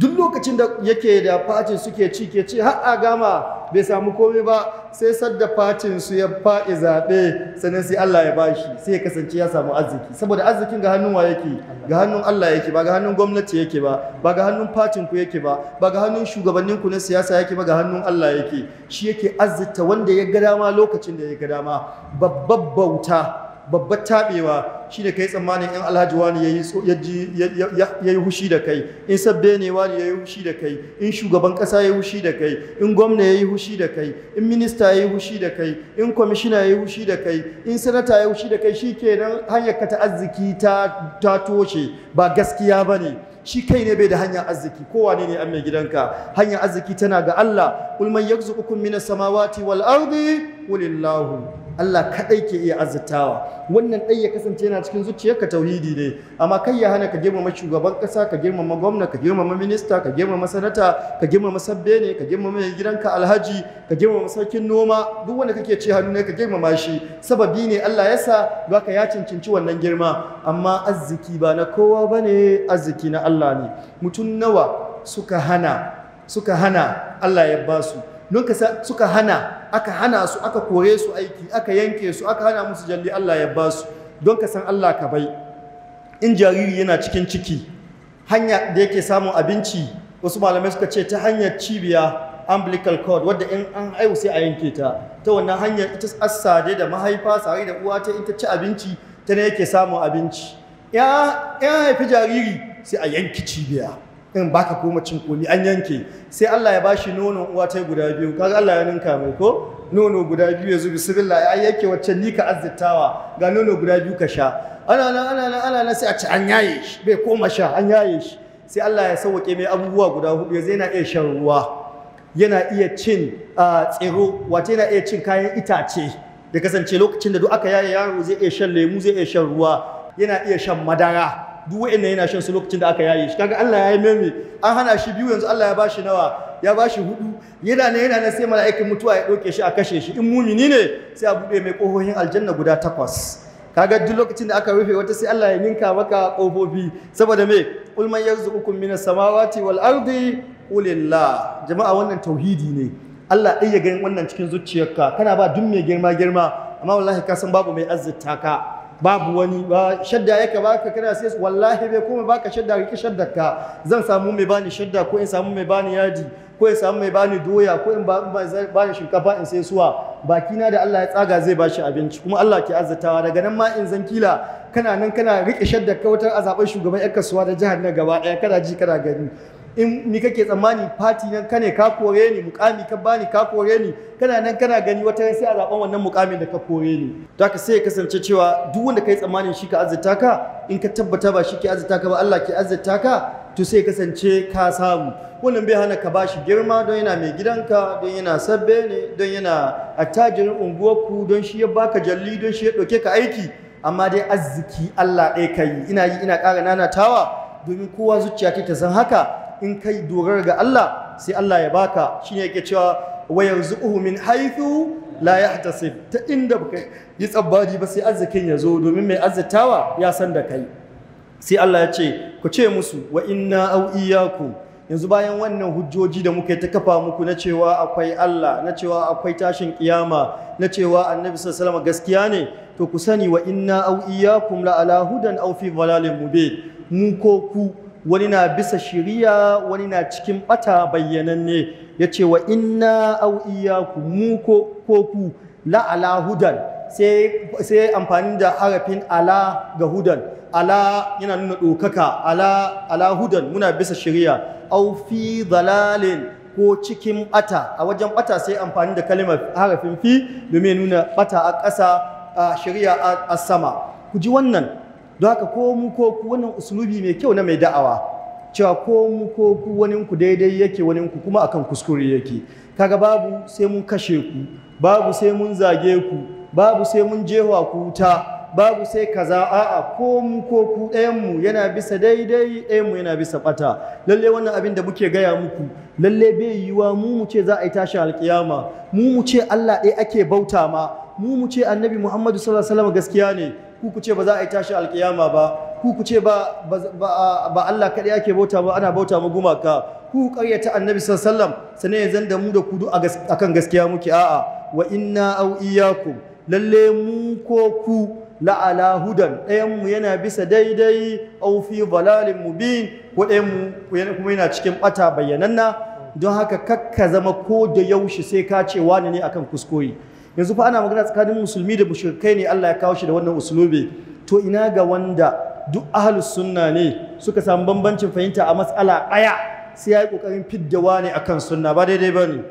S1: duk lokacin da yake da fatin suke ci ke ci har a gama bai samu komai ba sai sadda fatin su ya faɗi zaɓe sannan sai Allah ya bashi sai ya kasance ya samu arziki saboda arzikin ga hannun wa yake ga hannun Allah yake ba ga hannun gwamnati yake ba ba ga hannun fatin ku yake ba ba ga hannun shugabannin ku na siyasa yake ba ga hannun Allah yake shi yake arzita wanda ya ga dama lokacin da ya ga dama babbar bauta babbar taɓewa shi ne kai tsammanin 'yan alhaji wani ya yi hushi da kai in sabbe ne ne ya yi hushi da kai in shugaban kasa ya yi hushi da kai in gwamna ya yi hushi da kai in minista ya yi hushi da kai in kwamishina ya yi hushi da kai in sanata ya yi hushi da kai shi ke nan hanyar ka ta arziki ta toshe ba gaskiya ba ne shi kai ne bai da hanyar arziki kowane ne an mai gidanka hanyar arziki tana ga Allah ulman yakzuqukum minas samawati wal ardi Allah kaɗai ke iya azzatawa wannan ɗai ya kasance yana cikin zuciyarka tauhidi ne amma kai ya hana ka girmama shugaban kasa ka girmama gwamna ka girmama minista ka girmama sanata ka girmama sabbe ne ka girmama mai gidanka alhaji ka girmama sarkin noma duk wanda kake ce hannu ne ka girmama shi sababi ne Allah ya sa baka ya cancanci wannan girma amma arziki ba na kowa bane arziki na Allah ne mutum nawa suka hana suka hana Allah ya basu su don ka suka hana aka hana su aka kore su aiki aka yanke su aka hana musu jalli Allah ya ba su don ka san Allah ka bai in jariri yana cikin ciki hanya da yake samun abinci wasu malamai suka ce ta hanyar cibiya umbilical cord wadda in an haihu sai a yanke ta ta wannan hanyar ita asade da mahaifa sare da uwa ta ita ci abinci ta ne yake samun abinci ya haifi jariri sai a yanke cibiya in ka koma cin komi an yanke sai Allah ya bashi nono uwa ta guda biyu kaga Allah ya ninka mai ko nono guda biyu ya zubi sirilla ya yake wacce ni ka azzittawa ga nono guda biyu ka sha ana nan ana nan ana nan sai a ci an yaye shi bai koma sha an yaye shi sai Allah ya sauke mai abubuwa guda hudu yanzu yana iya shan ruwa yana iya cin tsiro wato yana iya cin kayan itace da kasance lokacin da duk aka yaye yaro zai iya shan lemu zai iya shan ruwa yana iya shan madara duk wa'annan yana shan su lokacin da aka yaye shi kaga Allah ya yi meme an hana shi biyu yanzu Allah ya bashi nawa ya bashi hudu yana ne yana ne sai mala'ikin mutuwa ya doke shi a kashe shi in mumini ne sai a bude mai kohohin aljanna guda takwas kaga duk lokacin da aka rufe wata sai Allah ya ninka maka kofofi saboda me kul man yarzuqukum minas samawati wal ardi qulillah jama'a wannan tauhidi ne Allah ɗaya ya wannan cikin zuciyarka kana ba duk mai girma girma amma wallahi ka san babu mai azzita ka babu wani ba shadda yake baka kana sai wallahi bai kuma baka shadda kake shaddar ka zan samu mai bani shadda ko in samu mai bani yadi ko in samu mai bani doya ko in bani shinkafa in sai suwa bakina da Allah ya tsaga zai bashi abinci kuma Allah ke azzatawa daga nan ma in zankila kana nan kana rike shaddar ka wutar azabar shugaban yan kasuwa da jihar na gaba daya kana ji kana gani in ni kake tsammani fati nan kane ka kore ni mukami ka bani ka kore ni kana nan kana gani wata sai a zaben wannan mukamin da ka kore ni to haka sai ya kasance cewa duk wanda kai tsammanin shi ka azzata ka in ka tabbata ba shi ke azzata ka ba Allah ke azzata ka to sai kasance ka samu wannan bai hana ka ba shi girma don yana mai gidanka don yana sabbe ne don yana attajirin unguwarku don shi ya baka jalli don shi ya ɗauke ka aiki amma dai arziki Allah ɗaya ka yi ina yi ina ƙara nanatawa domin kowa zuciya ta san haka in kai dogara ga Allah sai Allah ya baka shine yake cewa wa yarzuquhu min haythu la yahtasib ta inda baka yi tsabbaji ba sai arzikin ya zo domin mai arzitawa ya san da kai sai Allah ya ce ku ce musu wa inna au iyyakum yanzu bayan wannan hujjoji da muka ta kafa muku na cewa akwai Allah na cewa akwai tashin kiyama na cewa annabi sallallahu alaihi gaskiya ne to ku sani wa inna au iyyakum la ala hudan aw fi dhalalin mubin mu ko ku wani na bisa shiriya wani na cikin bata bayyananne ya ce wa inna au iyaku mu ko ku la ala hudan sai amfani da harafin ala ga hudan ala yana nuna ɗaukaka ala hudan muna bisa shiriya au fi dalalin ko cikin bata a wajen bata sai amfani da kalimar harafin fi domin nuna bata a ƙasa a shiriya a sama ku ji wannan don haka ko mu ko ku wannan usulubi mai kyau na mai da'awa cewa ko mu ko ku wani ku daidai yake wani ku kuma akan kuskure yake kaga babu sai mun kashe ku babu sai mun zage ku babu sai mun jewa ku wuta babu sai kaza a'a ko mu ko ku ɗayan mu yana bisa daidai ɗayan mu yana bisa ɓata. lalle wannan abin da muke gaya muku lalle bai yiwa mu mu ce za a yi tashi alƙiyama. mu mu ce Allah ɗaya ake bauta ma mu mu ce annabi Muhammadu sallallahu alaihi wasallam gaskiya ne ku ku ce ba za a yi tashi alkiyama ba ku ku ce ba Allah kaɗai ake bauta ba ana bauta mu gumaka ku ƙaryata annabi sallallahu alaihi wasallam zan yanzu da mu da ku duk akan gaskiya muke a'a wa inna au iyyakum lalle mu ko ku la'ala hudan ɗayanmu yana bisa daidai au fi dalalin mubin ko ɗayanmu kuma yana cikin ɓata bayyananna don haka kakka zama ko da yaushe sai ka ce wani ne akan kuskure yanzu fa ana magana tsakanin musulmi da mushrikai ne Allah ya kawo shi da wannan usulubi to ina ga wanda duk ahlus sunna ne suka samu bambancin fahimta a matsala aya? sai ya yi ƙoƙarin fiddawa ne akan sunna ba daidai ba ne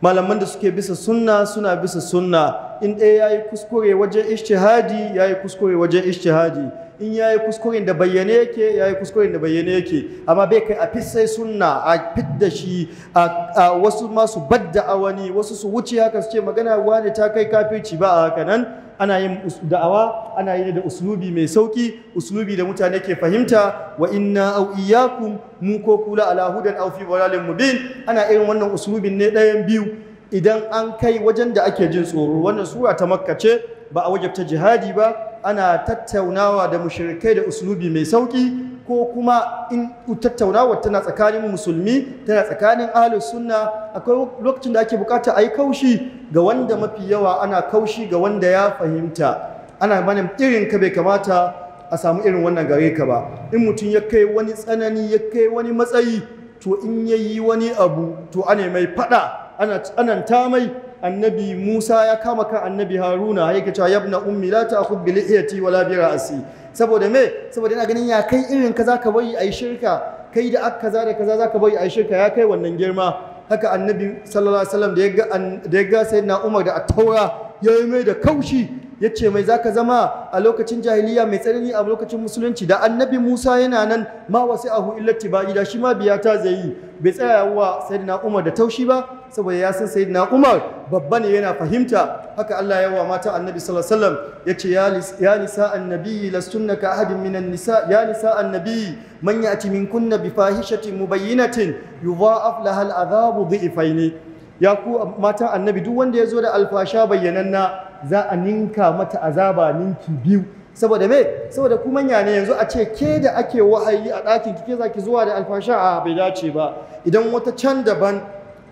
S1: malaman da suke bisa sunna suna bisa sunna in ɗaya ya yi kuskure wajen ishtihadi ya yi kuskure wajen ishtihadi in ya yi kuskuren da bayyane yake yi kuskuren da bayyane yake amma bai kai a fisai sunna a da shi a wasu masu badda a wani wasu su wuce haka su ce magana wani ta kai kafirci ba a haka nan ana yin da'awa ana yi da usulubi mai sauki uslubi da mutane ke fahimta wa inna au iyyakum mu ko kula ala hudan aw fi dalalin mubin ana irin wannan uslubin ne ɗayan biyu idan an kai wajen da ake jin tsoro wannan sura ta makka ce ba a wajabta jihadi ba ana tattaunawa da mushrikai da uslubi mai sauki ko kuma in tattaunawa tana tsakanin musulmi tana tsakanin ahlus sunna akwai lokacin da ake bukata a yi kaushi ga wanda mafi yawa ana kaushi ga wanda ya fahimta ana bane irin ka bai kamata a samu irin wannan gare ka ba in mutum ya kai wani tsanani ya kai wani matsayi to in ya yi wani abu to ana mai fada ana ta mai annabi Musa ya kama kan annabi Haruna yake cewa yabna ummi la ta'khud bi lihiyati wala bi ra'si saboda me saboda ina ganin ya kai irin kaza ka a yi shirka kai da aka kaza da kaza zaka a yi shirka ya kai wannan girma haka annabi sallallahu alaihi da ya ga sai na Umar da at-Taura ya yi mai da kaushi ya ce mai zaka zama a lokacin jahiliya mai tsanani a lokacin musulunci da annabi Musa yana nan ma wasu ahu illati ba da shi ma biya ta zai yi bai tsaya wa sayyidina Umar da taushi ba saboda ya san sayyidina Umar babba ne yana fahimta haka Allah ya wa mata annabi sallallahu alaihi wasallam yace ya ya nisa annabi lastunna ka ahadin minan nisa ya nisa annabi man ya'ti minkunna bi fahishatin mubayyinatin yudha'af laha al'adhabu dhi'faini ya ku matan annabi duk wanda ya zo da alfasha bayyananna za a ninka mata azaba ninki biyu saboda me saboda kuma ya ne yanzu a ce ke da ake wahayi a ɗakin kike zaki zuwa da alfasha a bai dace ba idan wata can daban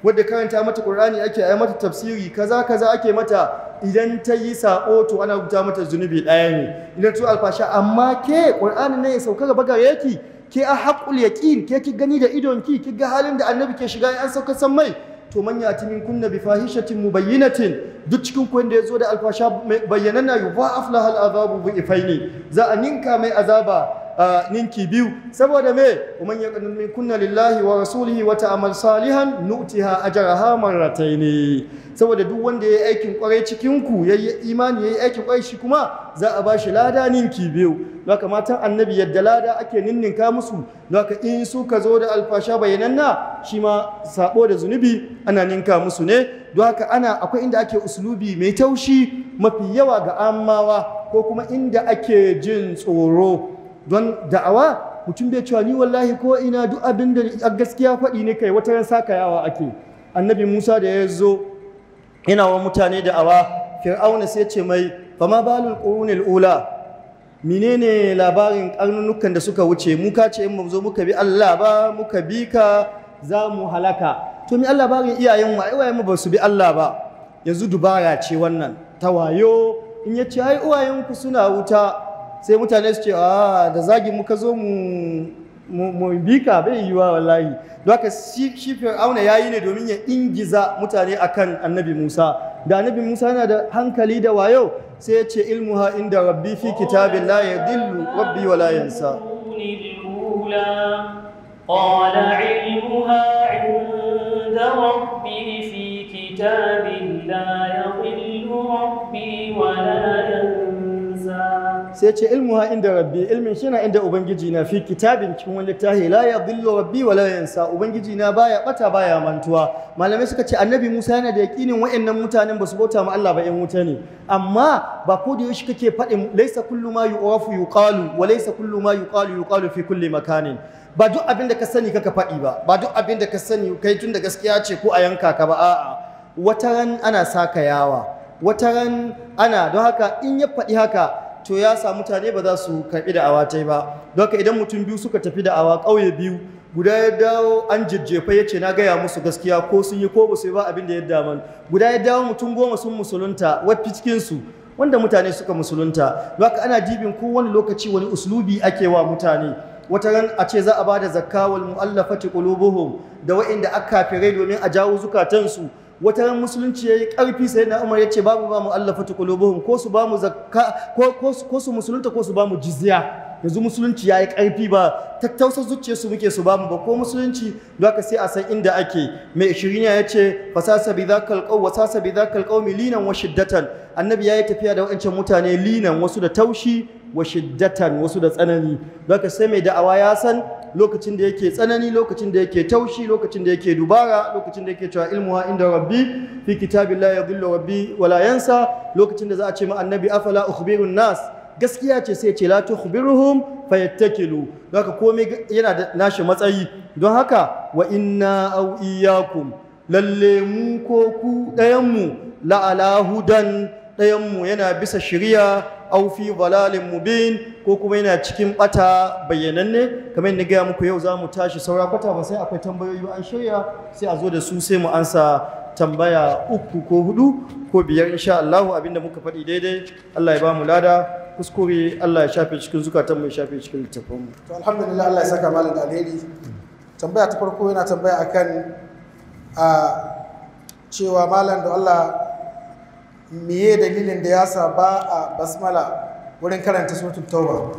S1: wadda karanta mata Qur'ani ake ayi mata tafsiri kaza kaza ake mata idan ta yi sako to ana rubuta mata zunubi ɗaya ne idan to alfasha amma ke ƙur'ani ne ya sauka gaba gare ki ke a haƙul yaƙin ke ki gani da idon ki ki ga halin da annabi ke shiga an sauka san mai to man yati min kunna bi fahishatin mubayyinatin duk cikin ku wanda yazo da alfasha na yudha'af lahal azabu bi ifaini za a ninka mai azaba ninki biyu saboda me umman ya min kunna lillahi wa rasulihi wata amal salihan nu'tiha ajraha ne. saboda duk wanda ya yi aikin kwarai cikin ku yayi imani yi aikin ƙwarai shi kuma za a ba shi lada ninki biyu ka matan annabi yadda lada ake ninninka musu ka in ka zo da alfasha bayananna shi ma sabo da zunubi ana ninka musu ne don haka ana akwai inda ake usulubi mai taushi mafi yawa ga amawa ko kuma inda ake jin tsoro don da'awa mutum bai cewa ni wallahi ko ina duk abin da gaskiya faɗi ne kai wata ran yawa ake annabi Musa da ya zo yana wa mutane da'awa fir'auna sai ce mai ma balul qurunil ula menene labarin karnunukan da suka wuce muka ce in zo muka bi Allah ba muka bi ka za mu halaka to mi Allah barin iyayenmu ai mu ba su bi Allah ba yanzu dubara ce wannan tawayo in ya ce ai ku suna wuta sai mutane su ce a ah, da zagi muka zo mu bika bai wa wallahi don haka shi fir'auna yayi ne domin ya ingiza mutane akan annabi musa da annabi musa yana da hankali da wayo sai ya ce ilmu ha inda rabbi fi kitabin la dillu rabbi wa yansa sai ce ha inda rabbi ilmin shi na inda ubangiji na fi kitabin cikin wani littafi la ya dillo rabbi wa la yansa ubangiji na baya bata baya mantuwa malamai suka ce annabi Musa yana da yakinin wayannan mutanen basu bauta ma Allah ba yan wuta ne amma ba ko da yaushe kake faɗin laisa kullu ma yu'rafu yuqalu wa laisa kullu ma yuqalu yuqalu fi kulli makanin ba duk abin da ka sani kaka faɗi ba ba duk abin da ka sani kai tun da gaskiya ce ko a yanka ka ba a'a wataran ana saka yawa wataran ana don haka in ya faɗi haka to ya sa mutane ba za su karbi da awa ta ba don ka idan mutum biyu suka tafi da awa ƙauye biyu guda ya dawo an jijjefa ya ce na gaya musu gaskiya ko sun yi ko ba yi ba abin da ya daman guda ya dawo mutum goma sun musulunta wafi cikinsu wanda mutane suka musulunta don ana dibin Wani lokaci wani uslubi ake wa mutane wata ran a ce za a ba da zakka wal mu'allafati qulubuhum da wa'inda aka kafirai domin a jawo zukatansu wata ran musulunci yayi karfi sai na Umar yace babu ba mu allafa buhu, ko su ba mu zakka ko su musulunta ko su ba mu jizya yanzu musulunci yayi karfi ba tattausar zuciyar su muke su ba mu ba ko musulunci zaka sai a san inda ake mai ya yace fasasa bi zakal qaw wasasa bi zakal mi. linan wa shiddatan annabi yayi tafiya da wancan mutane linan wasu da taushi wa shiddatan wasu da tsanani ka sai mai da'awa ya san lokacin da yake tsanani lokacin da yake taushi lokacin da yake dubara lokacin da yake cewa ilmuha inda rabbi fi kitabillahi yadhillu rabbi wala yansa lokacin da za a ce ma annabi afala ukhbirun nas gaskiya ce sai ce la tukhbiruhum fayattakilu haka komai yana da nashi matsayi don haka wa inna aw iyyakum lalle mu ko ku ɗayan mu la ala hudan ɗayan mu yana bisa shari'a Aufi fi dhalalin mubin ko kuma yana cikin bata ne kamar yadda gaya muku yau za mu tashi saura kwata ba sai akwai tambayoyi an shirya sai a zo da su sai mu ansa tambaya uku ko hudu ko biyar insha Allah abinda muka faɗi daidai Allah ya ba mu lada kuskure Allah ya shafe cikin zukatan mu ya shafe cikin mu To alhamdulillah Allah ya saka malam alheri. Tambaya ta farko yana tambaya akan a ah, cewa malam da Allah meye dalilin da ya sa ba a basmala wurin karanta suratul tauba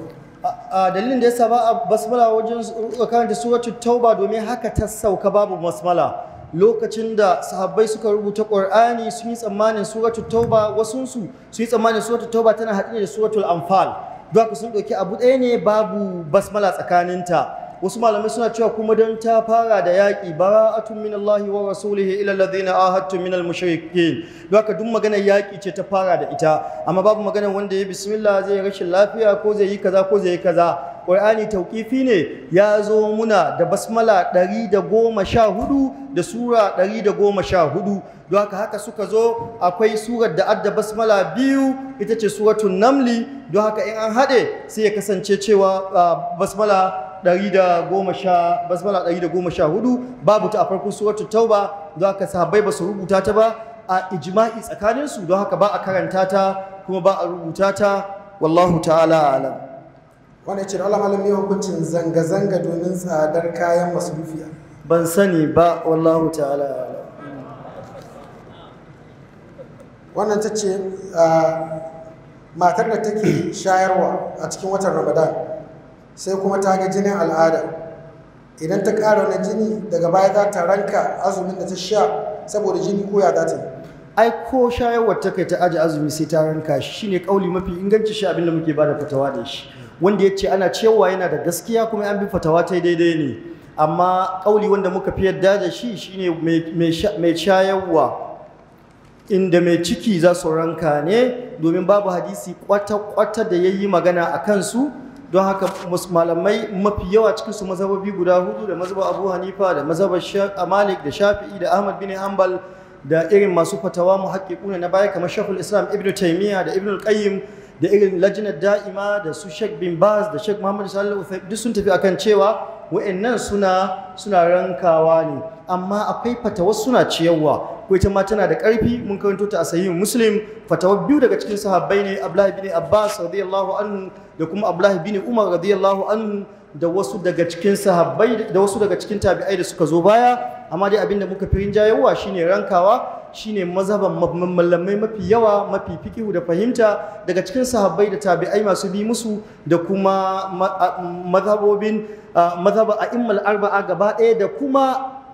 S1: a dalilin da ya sa ba a basmala wajen uh, karanta suratul tauba domin haka ta sauka babu basmala lokacin da sahabbai suka rubuta Qur'ani sun yi tsammanin suratul tauba wasunsu sun yi tsammanin suratul tauba tana haɗe da suratul anfal duk sun ɗauki abu ɗaya ne babu basmala tsakaninta wasu malamai suna cewa kuma don ta fara da yaƙi bara'atun min Allahi wa rasulihi ila alladhina ahadtum min al-mushrikin don haka duk maganar yaƙi ce ta fara da ita amma babu maganar wanda ya bismillah zai rashin lafiya ko zai yi kaza ko zai yi kaza Qur'ani tauƙifi ne ya zo muna da basmala 114 da sura ɗari da goma sha hudu don haka haka suka zo akwai surar da adda basmala biyu ita ce suratun namli don haka in an haɗe sai ya kasance cewa ah, basmala goma sha 114 babu ta a farkon suratul tauba don haka sahabbai ba su rubuta ta ba a ijma'i tsakanin su don haka ba a karanta ta kuma ba a rubuta ta wallahu ta'ala alam wani ce Allah malam ya hukuncin zanga zanga domin tsadar kayan masrufiya ban sani ba wallahu ta'ala wannan ta ce ah, matar da take shayarwa a cikin watan ramadan sai kuma ta ga jinin al'ada idan ta ƙara wani jini daga baya za ta ranka azumin da ta sha saboda jini ko ya ta ai ko shayarwar ta kai ta aji azumi sai ta ranka shi shine kauli mafi inganci shi da muke bada fatawa da shi wanda ya ce ana cewa yana da gaskiya kuma an bi fatawa ta daidai ne amma kauli wanda muka fi yadda da shi shine mai shayarwa inda mai ciki za su ranka ne domin babu hadisi kwata-kwata da ya yi magana a kansu don haka malamai mafi yawa cikin su mazhabobi guda hudu da mazhabar Abu Hanifa da mazhabar Malik da Shafi'i da Ahmad bin Hanbal da irin masu fatawa muhaqqiquna na baya kamar Sheikhul Islam Ibn Taymiyyah da Ibn al-Qayyim da irin lajinar da'ima da su Sheikh bin Baz da Sheikh Muhammad Sallallahu Alaihi duk sun tafi akan cewa wa'annan suna suna rankawa ne amma akwai fatawa suna ciyarwa ko ita ma tana da ƙarfi mun karanto ta a sahihin muslim fatawa biyu daga cikin sahabbai ne abdullahi bin abbas radiyallahu anhu da kuma abdullahi bin umar radiyallahu anhu da wasu daga cikin sahabbai da wasu daga cikin tabi'ai da suka zo baya amma dai abinda muka fi rinjayewa shine rankawa shine mazhaban mallamai mafi yawa mafi fikihu da fahimta daga cikin sahabbai da tabi'ai masu bi musu da kuma mazhabobin a a'immal arba'a gaba ɗaya da kuma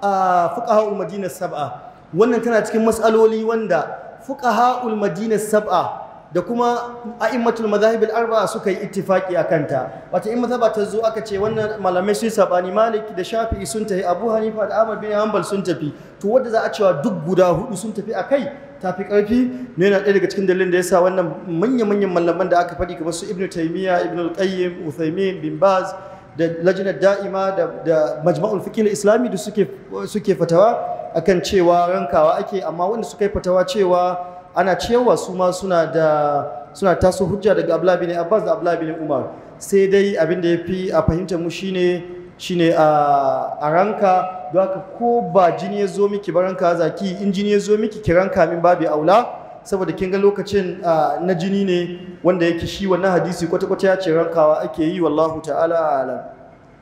S1: a fuqaha'ul madina sab'a wannan tana cikin matsaloli wanda fuqaha'ul madina sab'a da kuma a'immatul madhahib arbaa suka yi ittifaki akan ta wato in mazhaba ta zo aka ce wannan malamai sun sabani Malik da Shafi'i sun tafi Abu Hanifa da Ahmad bin Hanbal sun tafi to wanda za a cewa duk guda hudu sun tafi akai tafi karfi ne yana daya daga cikin dalilin da yasa wannan manya manyan malaman da aka faɗi kamar su ibnu taymiya Ibn qayyim uthaymin bin Baz da lajinar da'ima da, da majma'ul fiqhil islami da suke, suke fatawa akan cewa rankawa ake amma wanda suka yi fatawa cewa ana cewa su ma suna da suna taso hujja daga abla bin abbas da abla bin umar sai dai abin da ya fi a fahimtar mu shine shine a ranka don haka ko ba jini ya zo miki ba ranka zaki in jini ya zo miki ki ranka min babu aula saboda kin ga lokacin na jini ne wanda yake shi wannan hadisi kwata-kwata ya ce rankawa ake yi wallahu ta'ala alam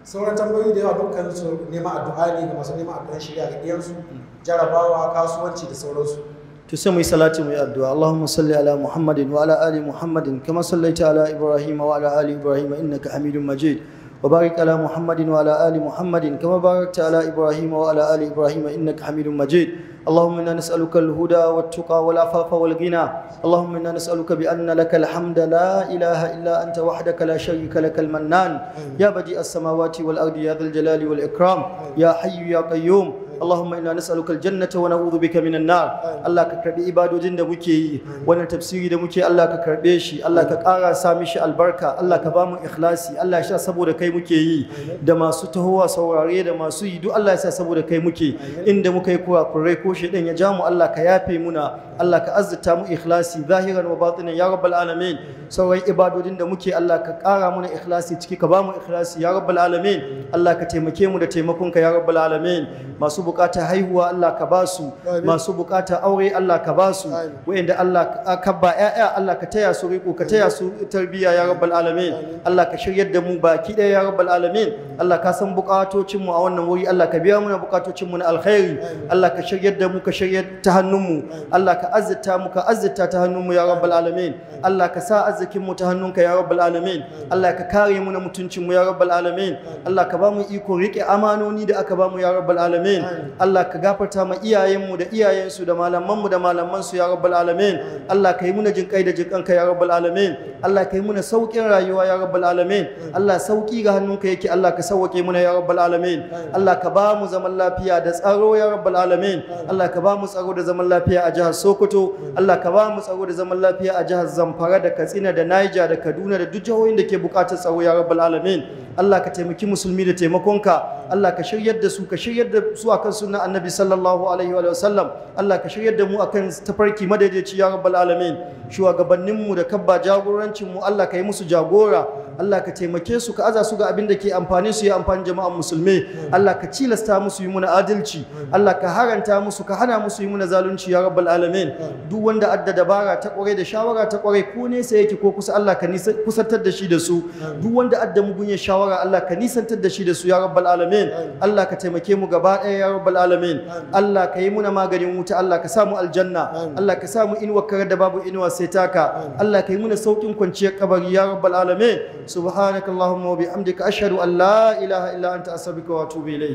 S1: sauran tambayoyi da yawa dukkan su nema addu'a ne ga masu neman addu'an shirya ga iyansu mm. jarabawa kasuwanci da sauransu tusa mai salati mai addu’a Allahumma salli ala Muhammadin wa ala Ali Muhammadin kama sallaita ala Ibrahim wa ala Ali Ibrahim Hamidun Majid wa barik ala Muhammadin wa ala Ali kama barakta ala Ibrahim wa ala Ali Ibrahim innaka Hamidun Majid Allahumma inna nas'aluka al-huda wa tuqa wa al-afafa wa al-ghina Allahumma inna nas'aluka bi anna lakal hamda la ilaha illa anta wahdaka la sharika lakal mannan ya badi as-samawati wal ardi ya dhal jalali wal ikram ya hayyu ya qayyum Allahumma inna nas'aluka aljannata wa na'udhu bika minan nar Allah ka karbi ibadojin da muke yi Wani tafsiri da muke Allah ka karbe shi Allah ka ƙara sa mishi albarka Allah ka ba mu ikhlasi Allah ya sa saboda kai muke yi da masu tahowa saurare da masu yi duk Allah ya sa saboda kai muke inda muka yi kurakurai ko shi ya ja mu Allah ka yafe muna Allah ka azzata mu ikhlasi zahiran wa batinan ya rabbal alamin sauran ibadodin da muke Allah ka ƙara mana ikhlasi ciki ka ba mu ikhlasi ya rabbal alamin Allah ka taimake mu da ka. ya rabbal alamin masu bukata haihuwa Allah ka ba su masu bukata aure Allah ka ba su wayanda Allah ka ba ƴaƴa Allah ka taya su riko ka taya su tarbiya ya rabbal alamin Allah ka shiryar da mu baki ɗaya ya rabbal alamin Allah ka san bukatocin mu a wannan wuri Allah ka biya muna bukatocin mu na alkhairi Allah ka shiryar da mu ka shiryar ta hannun mu Allah ka azzata mu ka azzata ta hannun mu ya rabbal alamin Allah ka sa arzikin mu ta hannunka ya rabbal alamin Allah ka kare mu na mutuncin mu ya rabbal alamin Allah ka ba mu iko riƙe amanoni da aka ba mu ya rabbal alamin Allah ka gafarta ma iyayenmu da iyayensu da malamanmu da malamansu ya rabbal alamin Allah ka yi muna kai da kanka ya rabbal alamin Allah ka yi muna saukin rayuwa ya rabbal alamin Allah sauki ga hannunka yake Allah ka sauke muna ya rabbal alamin Allah ka ba mu zaman lafiya da tsaro ya rabbal alamin Allah ka ba mu tsaro da zaman lafiya a jihar Sokoto Allah ka ba mu tsaro da zaman lafiya a jihar Zamfara da Katsina da Niger da Kaduna da duk jihohin da ke bukatar tsaro ya rabbal alamin Allah ka taimaki musulmi da taimakonka Allah ka shiryar da su ka shiryar da su a akan sunnan annabi sallallahu alaihi wa sallam Allah ka shiryar da mu akan tafarki madaidaici ya rabbal alamin shugabannin mu da kabba jagorancin mu Allah ka yi musu jagora Allah ka taimake su ka aza su ga abin da ke amfani su ya amfani jama'an musulmi Allah ka cilasta musu yi muna adalci Allah ka haranta musu ka hana musu yi muna zalunci ya rabbal alamin duk wanda adda dabara ta kware da shawara ta kware ko nesa yake ko kusa Allah ka kusantar da shi da su duk wanda adda mugunyar shawara Allah ka nisantar da shi da su ya rabbal alamin Allah ka taimake mu gaba ɗaya ya rabbal alamin Allah ka yi muna maganin wuta Allah ka samu aljanna Allah ka samu inuwa karar da babu inuwa sai taka Allah ka yi muna saukin kwanciyar kabari ya rabbal alamin subhanakallahumma wa bihamdika ashhadu an la ilaha illa anta astaghfiruka wa atubu ilayk